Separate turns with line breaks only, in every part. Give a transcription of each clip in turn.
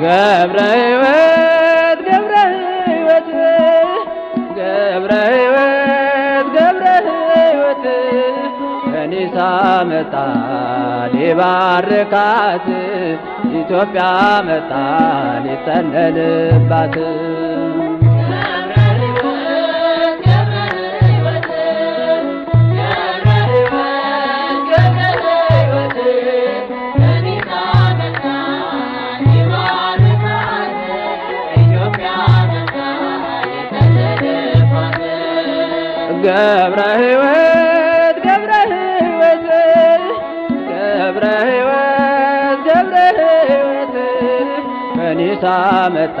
ገብረ ሕይወት ገብረ ሕይወት ገብረ ሕይወት ገብረ ሕይወት ከኒሳ መጣ ሊባርካት ኢትዮጵያ መጣ ሊሰነንባት ገብረ ሕይወት ገብረ ሕይወት ገብረ ሕይወት ገብረ ሕይወት ከኒሳ መጣ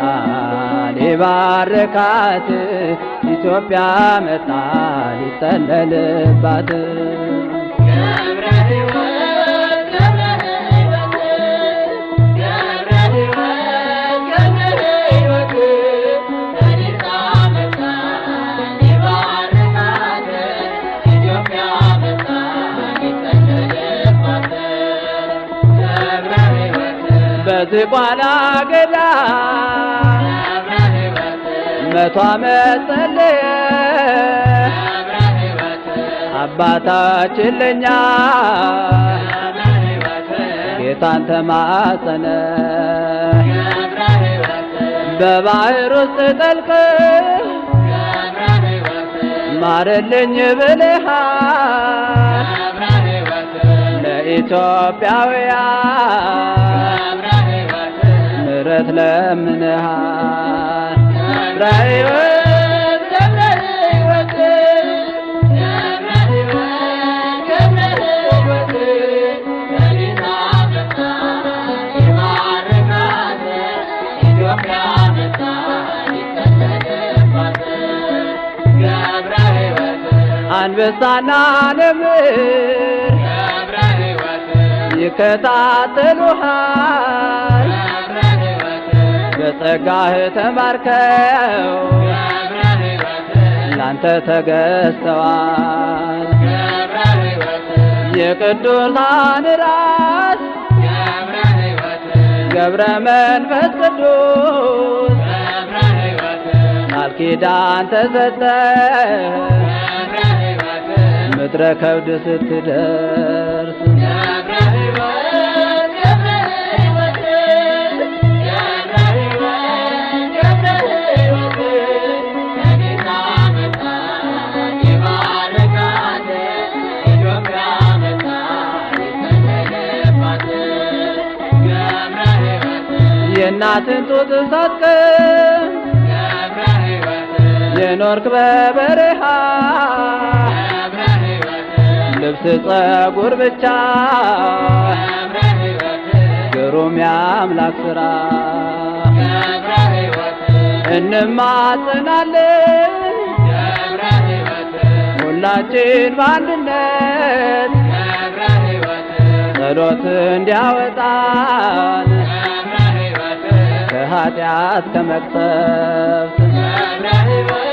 ሊባርካት ኢትዮጵያ መጣ ሊጠለልባት
ገብረ ሕይወት
በዝቋላ ገዳ መቶ ዓመት ጸለየ አባታችን ለኛ ጌታን ተማጸነ በባህር ውስጥ ጠልቅ ማረልኝ ብልሃል ለኢትዮጵያውያን ምህረት ለምንሃ አንበሳና ነብር ይከታተሉሃል በጸጋህ ተባርከው ላንተ ተገዝተዋል የቅዱሳን ራስ ገብረ መንፈስ ቅዱስ ቃል ኪዳን ተሰጠ ምድረ ከብድ ስትደር የእናትን ጡት ሳትቅም የኖርክ በበረሃ ልብስ ጸጉር ብቻ ግሩም የአምላክ ሥራ እንማጽናለን ሁላችን በአንድነት ጸሎት እንዲያወጣን ኃጢአት ከመቅሰፍት